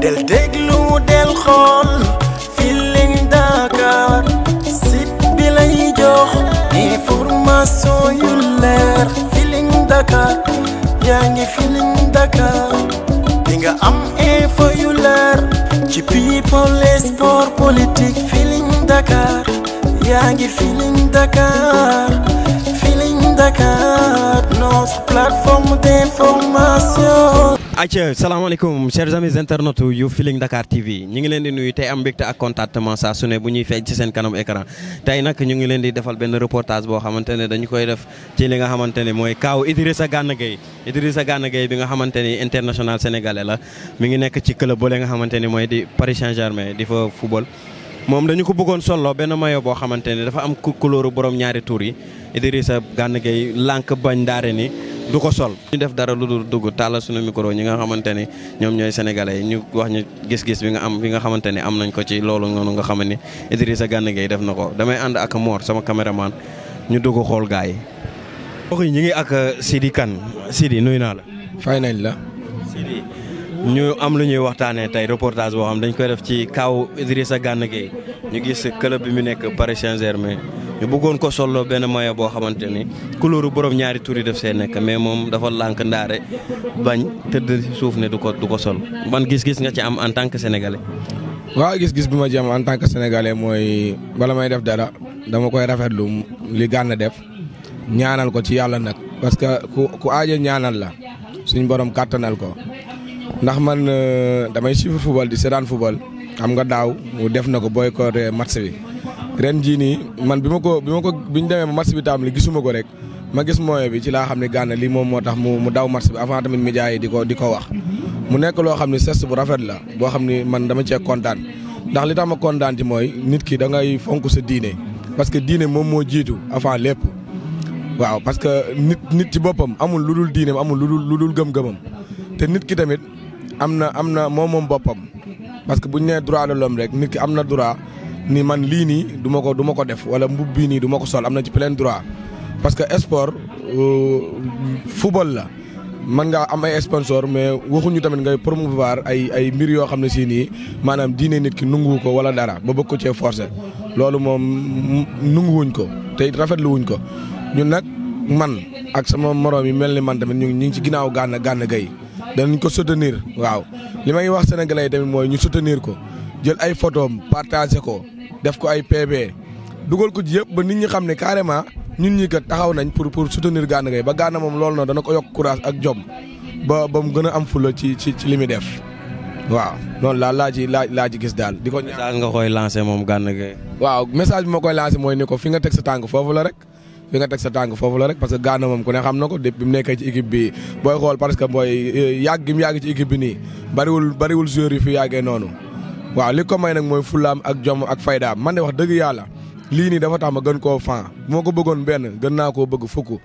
del déglu del xool Feeling Dakar site bi lay jox yu leer Feeling Dakar yaa ngi Feeling Dakar nga am info yu leer ci people et sport politique Feeling Dakar yaa ngi Feeling Dakar Feeling Dakar notre plateforme d'information acca salaamaaleykum chers amis internautes yu Feeling Dakar TV ñu ngi leen di nuyu tey am mbégte ak contentement saa su bu ñuy feeñ ci seen kanam écran tey nag ñu ngi leen di defal benn reportage boo xamante ne dañu koy def ci li nga xamante ne mooy kaaw Idrissa sa Gueye Idrissa Gana Gueye bi nga xamante ni international sénégalais la mi ngi nekk ci club nga xamante ni mooy di Paris Saint-Germain di fa football. moom dañu ko bëggoon solo benn mayo boo xamante ne dafa am couleur borom ñaari tour yi Idrissa Gana Gueye lànk bañ daare ni du ko sol. ñu def dara lu dul dugg tàllal sunu micro ñi nga xamante ni ñoom ñooy yi ñu wax ñu gis-gis bi nga am bi nga xamante ni am nañ ko ci loolu noonu nga xam ne sa Gana Gueye def na ko damay ànd ak moor sama caméraman ñu dugg xool gaa yi. mbokk yi ñu ngi ak uh, Sidi Kane Sidi nuyu naa la. fay nañ la. Sidi ñu am lu ñuy waxtaanee tey reportage boo xam dañ koy def ci kaw Idrissa Gana Gueye ñu gis club bi mu nekk Paris Saint-Germain. ñu bëggoon ko solloo benn maillot boo xamante ni couleur borom ñaari tur def see nekk mais moom dafa lànk ndaare bañ tëdd suuf ne du ko du ko sol man gis-gis nga ci am en tant que sénégalais. waaw gis-gis bi ma ci am en tant que sénégalais mooy bala may def dara dama koy rafetlu li gànn def ñaanal ko ci yàlla nag parce que ku ku aaje ñaanal la suñ borom kàttanal ko ndax man euh, damay suivre football di seetaan football xam nga daaw mu def na ko booy boycotté match bi. ren jii nii man bi ma ko bi ma ko bi ñu demee ba match bi tàmbali gisuma ko rek ma gis moyen bi ci laa xam ne gaana li moom moo tax mu mu daw match bi avant tamit médias yi di ko di wax. mu nekk loo xam ne geste bu rafet la boo xam ne man dama cee kontaan ndax li tax ma kontaan ci mooy nit ki da ngay fonk sa diine parce que diine moom moo jiitu avant lépp. waaw parce que nit nit ci boppam amul lu dul diineem amul lu dul lu dul gëm-gëmam te nit ki tamit am na am na moom moom boppam parce que bu nee droit de rek nit ki am na droit. nii man lii nii duma ko duma ko def wala mbub bii nii duma ko sol am na ci plein droit parce que sport euh, football la man ngaa am ay sponsor mais waxuñu tamit ngay promouvoir ay ay mbir yoo xam ne si nii maanaam diine nit ki nungu ko wala dara ba bëgg ko cee forcer loolu moom nunguwuñ ko te it rafetlu ko ñun nag man ak sama moroom yi mel ni man tamit ñu ñu ngi ci ginnaaw gànn gànn gay danañ ko soutenir waaw li may wax sénégalais yi tamit mooy ñu soutenir ko. jël ay photos partagé ko def ko ay PB dugal ko ci yëpp ba nit ñi xam ne carrément ñun ñi kat taxaw nañ pour pour soutenir Gana yi ba gaana moom loolu noonu dana ko yokk courage ak jom ba ba mu gën a am fulo ci ci ci li muy def waaw noonu laa laaj ci laa laa ci gis daal. di ko message nga koy lancé moom Gana Gueye. waaw message bi ma koy lancé mooy ni ko fi nga teg sa tànk foofu la rek. fi nga teg sa tànk foofu la rek parce que Gana moom ku ne xam na ko depuis mu nekkee ci bi booy xool parce que booy yàgg gi mu yàgg ci équipe bi nii bariwul bariwul joueurs yu fi yàggee noonu. waaw li ko may nag mooy fulaam ak jomm ak faydaam man de wax dëgg yàlla lii nii dafa tax ma gën koo fan bu ma ko bëggoon benn gën naa koo bëgg fukk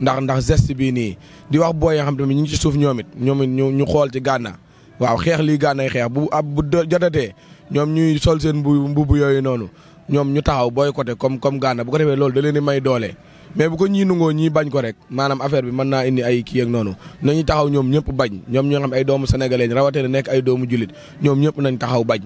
ndax ndax geste bii nii di wax booy yoo xam tamit ñu ngi ci suuf ñoom it ñoom it ñu ñu xool ci gànna waaw xeex lii gànnay xeex bu ab bu jotatee ñoom ñuy sol seen mbubu yooyu noonu ñoom ñu taxaw booy kote comme comme gànna bu ko defee loolu da leen di may doole mais bu ko ñii nungoo ñii bañ ko rek maanaam affaire bi mën naa indi ay kii ak noonu nañu taxaw ñoom ñëpp bañ ñoom ñoo xam ay doomu sénégalais rawatina nekk ay doomu jullit ñoom ñëpp nañ taxaw bañ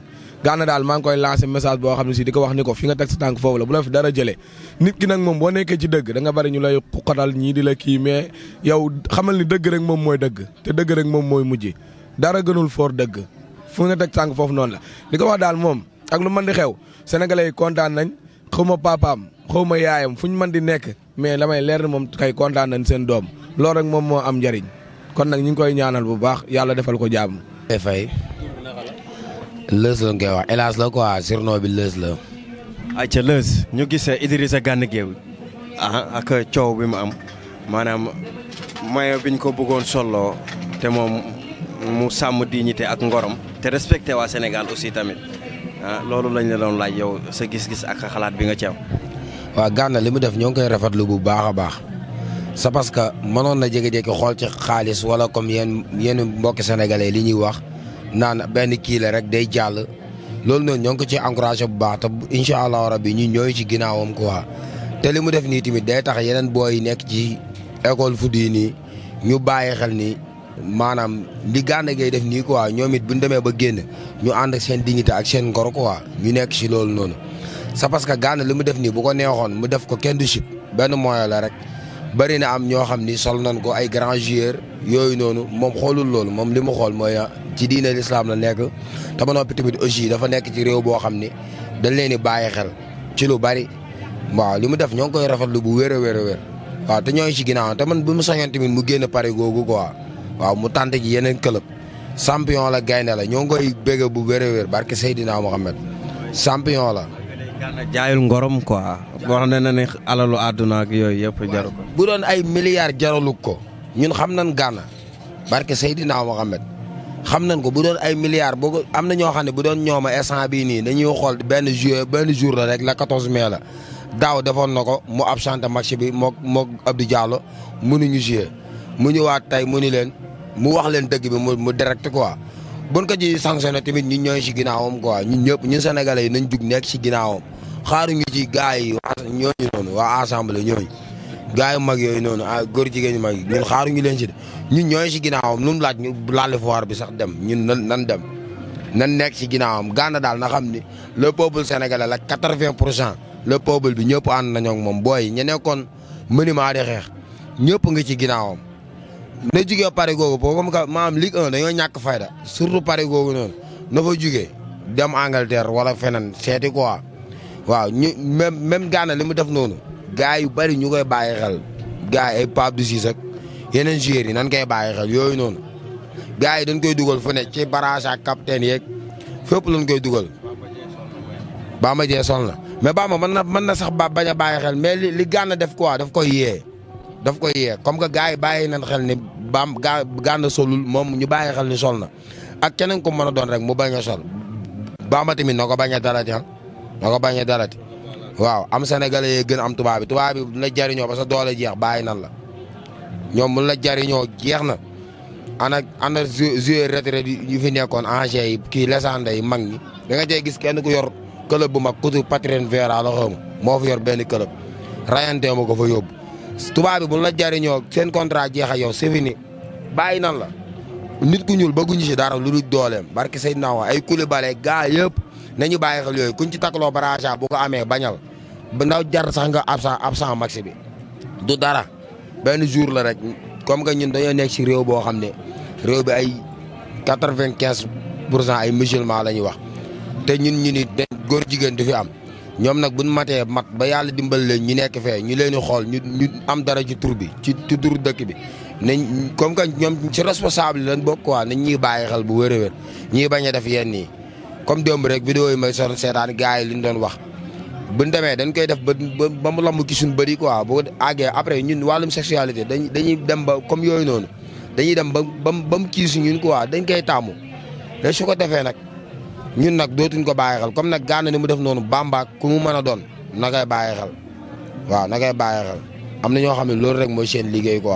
Gana daal maa ngi koy lancé message boo xam ne si di ko wax ni ko fi nga teg sa tànk foofu la bu la fi dara jëlee nit ki nag moom boo nekkee ci dëgg danga nga bari ñu lay xuqatal ñii di la kii mais yow xamal ni dëgg rek moom mooy dëgg te dëgg rek moom mooy mujj dara gënul foor dëgg fu nga teg tànk foofu noonu la di ko wax daal moom ak lu mën di xew sénégalais yi kontaan nañ xaw ma papaam xaw ma yaayam fu ñu mën di nekk mais la leer moom kay kontaan nañ seen doom loolu rek moom moo am njariñ kon nag ñu ngi koy ñaanal bu baax yàlla defal ko jàmm. fay lës la ngay wax hélas la quoi surnom bi lës la. ayca lës ñu gis Idrissa Gana Gueye ah ak coow bi mu am maanaam mayo biñ ko bëggoon solo te moom mu sàmm ñite ak ngorom te respecté waa Sénégal aussi tamit ah loolu lañ la doon laaj yow sa gis-gis ak xalaat bi nga ci am. waaw Gana li mu def ñoo ngi koy rafetlu bu baax a baax c'est parce que mënoon na jékki xool ci xaalis wala comme yenn yenn mbokki sénégalais li ñuy wax naan benn kii la rek day jàll. loolu noonu ñoo ngi ko ci encouragé bu baax te incha allah rabi ñun ñooy ci ginnaawam quoi te li mu def nii tamit day tax yeneen booy yi nekk ci école fu yi nii ñu bàyyi xel nii maanaam li Gana Gueye def nii quoi ñoom it bu ñu demee ba génn ñu ànd seen dignité ak seen ngor quoi ñu nekk si loolu noonu. c'est parce que Gana li mu def nii bu ko neexoon mu def ko kenn du sip benn moyen la rek bëri na am ñoo xam ni sol nañ ko ay grand joueur yooyu noonu moom xoolul loolu moom li mu xool mooy ah, ci diine l'islam la nekk te ba noppi aussi dafa nekk ci réew boo xam ni dañ leen bàyyi xel ci lu bari waaw li mu def ñoo ngi koy rafetlu bu wér a wér a wér waaw te ñooy ci ginnaaw te man bu mu sañoon tamit mu génn pare googu quoi waaw mu tànte yeneen club sampion la gaynde la ñoo ngi koy bégg bu wér a wér barke Seydina champion la. Gana jaayul ngorom quoi wax ne na ne alalu àdduna ak yooyu yëpp jaru ko. bu doon ay milliards jaralu ko ñun xam nañ Gana barke Seydina Mohamed xam nañ ko bu doon ay milliards boo am na ñoo xam ne bu doon ñooma instant bii nii dañuy xool benn jour benn jour la rek la 14 mai la daaw defoon na ko mu absenté match bi moog moog mu Diallo ñu jouer mu ñëwaat tey mu ni leen mu wax leen dëgg bi mu mu direct quoi. bon ko ci sanctionné tamit ñun ñooy si ginnaawam quoi ñun ñëpp ñun sénégalais yi nañ jug nekk si ginnaawam xaaruñu ci gars yi ñooñu noonu waa assemblée ñooñu gars yu mag yooyu noonu ah góor jigéen mag yi ñun xaaruñu leen si de ñun si ginnaawam lu mu laaj ñu laal foire bi sax dem ñun nan nan dem nan nekk si ginnaawam Gana daal na xam ni le peuple sénégalais la quatre-vingt pour le peuple bi ñëpp ànd nañoo ak moom booy ñu nekkoon monument di xeex ñëpp ngi ci ginnaawam. na jugee pare googu boobu comme que maanaam Ligue 1 dañoo ñàkk fayda surtout pare googu noonu na fa jugee dem Angleterre wala feneen seeti quoi waaw ñu même même Ghana li mu def noonu gars yu bari ñu koy bàyyi xel gars yi ay Pape du Ciss yeneen joueurs yi nan koy bàyyi xel yooyu noonu gars yi dañ koy dugal fu ne ci barrage ak capitaine yeeg fépp lañ koy dugal. Bamba Dieng sonn la mais Bamba mën na mën na sax ba bañ bàyyi xel mais li li def quoi daf koy yee. daf ko yee comme que gars yi bàyyi nañ xel ni baam gaa gànna solul moom ñu bàyyi xel ni sol na ak keneen ko mën a doon rek mu bañ a sol baama tamit na ko bañ a dalati ah na ko bañ a dalati waaw am sénégalais yee gën am tubaab bi tubaab bi bu la jariñoo ba sa doole jeex bàyyi nan la ñoom mun la jariñoo jeex na ana ana joueur retraite yu fi nekkoon engins yi kii lesande yi mag ñi da nga cey gis kenn ku yor club bu mag kutu Patrien Vieira la moo fi yor benn club rayante ko yóbbu tubaab bi bu la jariñoo seen contrat jeex a yow c'est bàyyi nan la nit ku ñuul bëgguñu si dara lu dul dooleem barki say naaw ay Koulibaly gaa yëpp na bàyyi xel yooyu kuñ ci takkaloo baraja bu ko amee bañal ba ndaw jar sax nga absent absent maxi bi du dara benn jour la rek comme que ñun dañoo nekk si réew boo xam ne réew bi ay quatre-vingt-quinze pour cent ay musulman la ñuy wax te ñun ñu góor jigéen du fi am ñoom nag buñ matee mat ba yàlla dimbali leen ñu nekk fee ñu leen di xool ñu am dara ci tur bi ci ci tur dëkk bi nañ comme que ci responsable yi lañ waa nañ ñuy bàyyi xel bu wér a wér ñuy bañ a def yenn yi comme démb rek vidéo yi may sor seetaan gars yi li ñu doon wax buñ demee dañ koy def ba ba mu lamb ci suñ bëri quoi bu àggee après ñun wàllum sexualité dañ dañuy dem ba comme yooyu noonu dañuy dem ba ba mu kii ñun quoi dañ koy taamu léegi su ko defee nag ñun nag dootuñ ko bàyyi xel comme nag Gana ni mu def noonu Bamba ku mu mën a doon na koy bàyyi xel waaw na koy bàyyi am na ñoo xam ne loolu rek mooy seen liggéey ko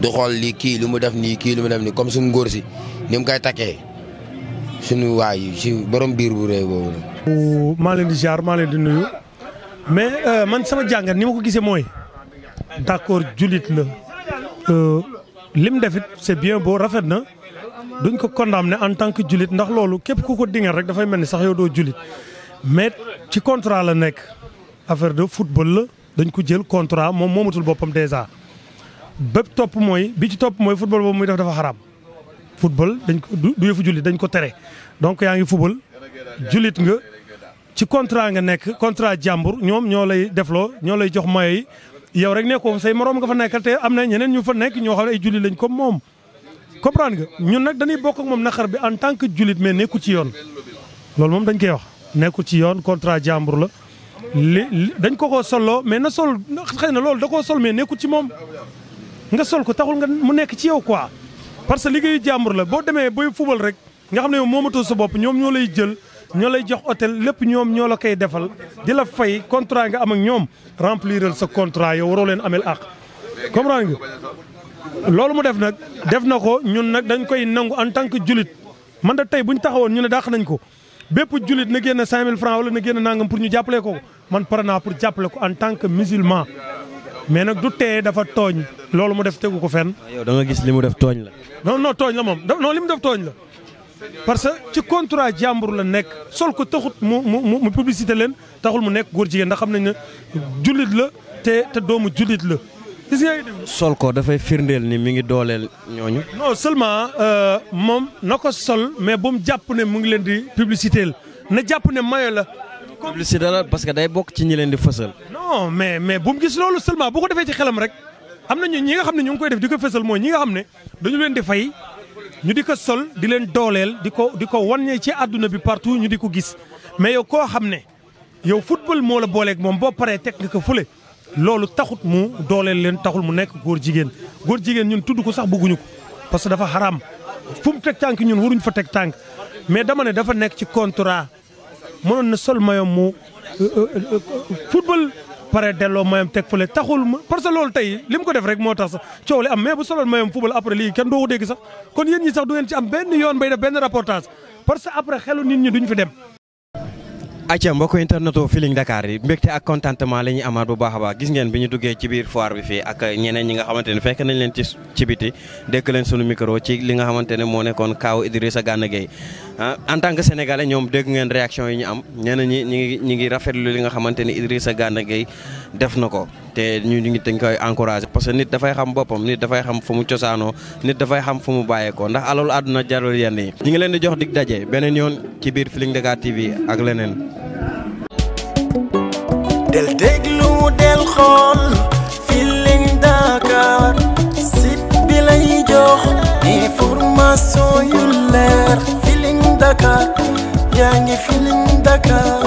du xool li kii lu mu def nii kii lu mu def nii comme suñu ngóor si ni mu koy takkee suñu waay yi si borom biir bu réy boobu la. maa leen di ziar maa leen di nuyu mais euh, man sama jàngat ni ma ko gisee mooy d'accord jullit la euh, lim defit c'est bien beau rafet na. duñ ko condamné en tant que julit ndax loolu képp ku ko dingal rek dafay mel ni sax yow doo julit mais ci contrat la nekk affaire de football la dañ ko jël contrat moom moomatul boppam dèjà bépp topp mooy bi ci topp mooy football boobu muy def dafa xaraam football dañ ko du yëfu jullit dañ ko tere donc yaa ngi football jullit nga ci contrat nga nekk contrat jàmbur ñoom ñoo lay defloo ñoo lay jox mayo yi yow rek nekkoo say moroom nga fa nekkal te am na ñeneen ñu fa nekk ñoo xam ne ay lañ comme moom comprendre nga ñun nag dañuy bokk ak moom naqar bi en tant que jullit mais nekkul ci yoon loolu moom dañ koy wax nekkul ci yoon contrat jàmbur la li dañ ko koo soloo mais na sol xëy na loolu da koo sol mais nekkul ci moom nga sol ko taxul nga mu nekk ci yow quoi parce que liggéeyu jàmbur la boo demee bay fubal rek nga xam ne yow moomatoo sa bopp ñoom ñoo lay jël ñoo lay jox hôtel lépp ñoom ñoo la koy defal di la fay contrat nga am ak ñoom rempliral sa contrat yow waroo leen amel àq loolu mu def nag def na ko ñun nag dañ koy nangu en tant que julit man da tey bu ñu taxawoon ñu ne dàq nañ ko bépp julit na génn 5000 francs wala na génn nangam pour ñu jàppale ko man pare naa pour jàppale ko en tant que musulman mais nag du tee dafa tooñ loolu mu def tegu ko fen ah, yow da nga gis li mu def tooñ la. non non tooñ la moom non li mu def tooñ la parce que ci contrat jàmbur la nekk sol ko taxut mu mu mu publicité leen taxul mu nekk góor jigéen ndax xam nañ ne jullit la te te doomu jullit la. gis nga sol ko dafay firndeel ni mi ngi dooleel ñooñu. non seulement euh, moom na ko sol mais bu mu jàpp ne mu ngi leen di publicité na jàpp ne mayo la. publicité la parce que day bokk ci ñi leen di fësal. non mais mais bu mu gis loolu seulement bu ko defee ci xelam rek am na ñu ñi nga xam ne ñu ngi koy def di ko fësal mooy ñi nga xam ne dañu leen di fay ñu di ko sol di leen dooleel di ko di ko wane ci àdduna bi partout ñu di ko gis mais yow koo xam ne yow football moo la booleeg moom boo paree teg nga ko fële. loolu taxut mu dooleel leen taxul mu nekk góor jigéen góor jigéen ñun tudd ko sax bëgguñu ko parce que dafa xaraam fu mu teg tànk ñun waruñ fa teg tànk mais dama ne dafa nekk ci contrat mënoon na sol mayom mu euh, euh, euh, football pare delloo mayom teg fële taxul ma parce que loolu tey li ko def rek moo tax sax coow li am mais bu solol mayom football après lii kenn doo ko dégg sax kon yéen ñi sax du ngeen ci am benn yoon bay def benn reportage parce que après xelu nit ñi duñ fi dem acca mbokk internetu Feeling Dakar yi mbégte ak contentement la amaat bu baax a baax gis ngeen bi ñu duggee ci biir foire bi fii ak ñeneen ñi nga xamante ne fekk nañ leen ci ci biti dëkk leen sunu micro ci li nga xamante ne moo nekkoon kaaw Idrissa Gana Gueye ah, en tant que sénégalais ñoom dégg ngeen réaction yi ñu am ñeneen ñi ñi ngi ñi ngi rafetlu li nga xamante ne Idrissa Gana Gueye def na ko te ñu ngi dañ koy encouragé parce que nit dafay xam boppam nit dafay xam fu mu cosaanoo nit dafay xam fu mu bàyyeekoo ndax alalu àdduna jarul yenn yi. ñu ngi leen di jox dig daje beneen yoon ci biir Feeling Dakar TV ak leneen. del déglu del xool Feeling Dakar site bi lay jox information yu leer Feeling Dakar yaa ngi Feeling Dakar.